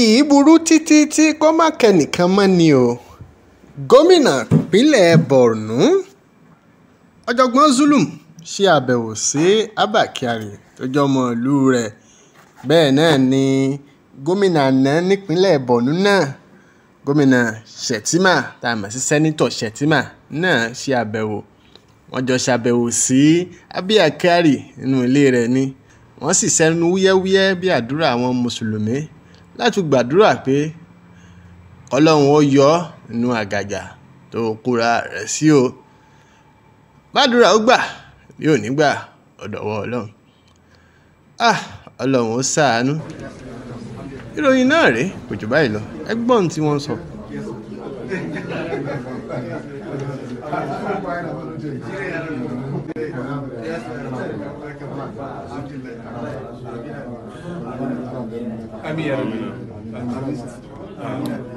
kì í burú títí tí kò má kẹ́nìkan mọ́ ni o gómìnà ìpínlẹ̀ borno ọ̀jọ̀gbọ́n zulum ṣe àbẹ̀wò sí abba kyari tó jọmọ ìlú rẹ̀ bẹ́ẹ̀ náà ni gómìnà àná nípínlẹ̀ borno náà gómìnà shettima tá a mọ̀ sí sẹ́nitọ̀ shettima náà ṣe àbẹ̀wò wọ́n jọ ṣàbẹ̀wò sí abba kyari nínú ilé rẹ̀ ni wọ́n sì sẹ́nu wúyẹ́wúyẹ́ bí àdúrà àwọn mùsùlùmí láti gbàdúrà pé ọlọ́run ó yọ ọ́ nínú àgàgà tó kóra rẹ̀ sí o gbàdúrà ó gbà bí ò ọ̀dọ̀wọ́ ọlọ́run ah ọlọ́run ó ṣàánú ìròyìn náà rèé kò jù báyìí lọ ẹgbọ́n tí wọ́n sọ. Thank I mean, I don't